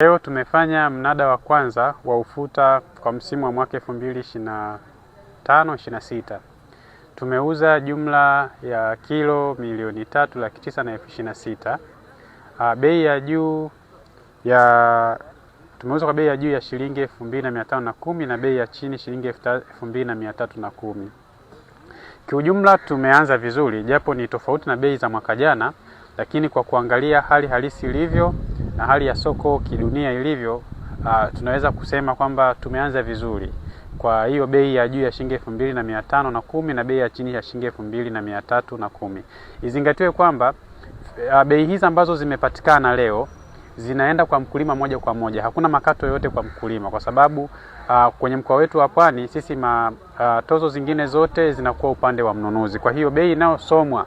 Leo tumefanya mnada wa kwanza wa ufuta kwa msimu wa mwaka 2025 26. Tumeuza jumla ya kilo milioni tatu laki tisa na elfu ishirini na sita. Ah, bei ya juu ya tumeuza kwa bei ya juu ya shilingi 2510 na bei ya chini shilingi 2310. Kiujumla tumeanza vizuri, japo ni tofauti na bei za mwaka jana, lakini kwa kuangalia hali halisi ilivyo na hali ya soko kidunia ilivyo, uh, tunaweza kusema kwamba tumeanza vizuri. Kwa hiyo bei ya juu ya shilingi elfu mbili na mia tano na kumi na bei ya chini ya shilingi elfu mbili na mia tatu na kumi Izingatiwe kwamba uh, bei hizi ambazo zimepatikana leo zinaenda kwa mkulima moja kwa moja, hakuna makato yoyote kwa mkulima, kwa sababu uh, kwenye mkoa wetu wa Pwani sisi ma, uh, tozo zingine zote zinakuwa upande wa mnunuzi. Kwa hiyo bei inayosomwa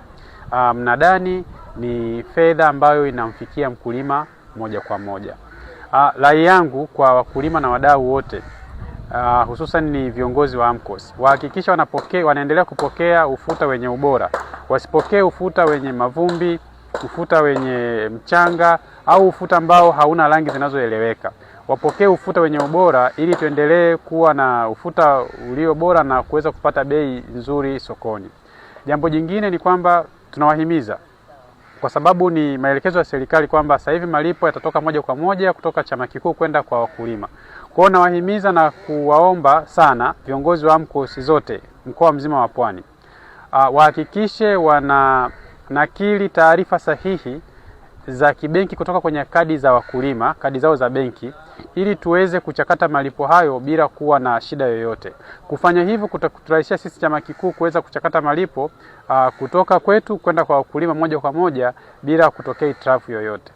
uh, mnadani ni fedha ambayo inamfikia mkulima moja kwa moja. Ah, rai yangu kwa wakulima na wadau wote ah, hususan ni viongozi wa AMCOS wahakikisha wanapokea, wanaendelea kupokea ufuta wenye ubora, wasipokee ufuta wenye mavumbi, ufuta wenye mchanga au ufuta ambao hauna rangi zinazoeleweka. Wapokee ufuta wenye ubora ili tuendelee kuwa na ufuta ulio bora na kuweza kupata bei nzuri sokoni. Jambo jingine ni kwamba tunawahimiza kwa sababu ni maelekezo ya serikali kwamba sasa hivi malipo yatatoka moja kwa moja kutoka chama kikuu kwenda kwa wakulima. kwao nawahimiza na kuwaomba sana viongozi wa AMCOS zote mkoa mzima wa Pwani ah, wahakikishe wana nakili taarifa sahihi za kibenki kutoka kwenye kadi za wakulima, kadi zao za benki, ili tuweze kuchakata malipo hayo bila kuwa na shida yoyote. Kufanya hivyo kutakuturahisha sisi chama kikuu kuweza kuchakata malipo aa, kutoka kwetu kwenda kwa wakulima moja kwa moja bila kutokea trafu yoyote.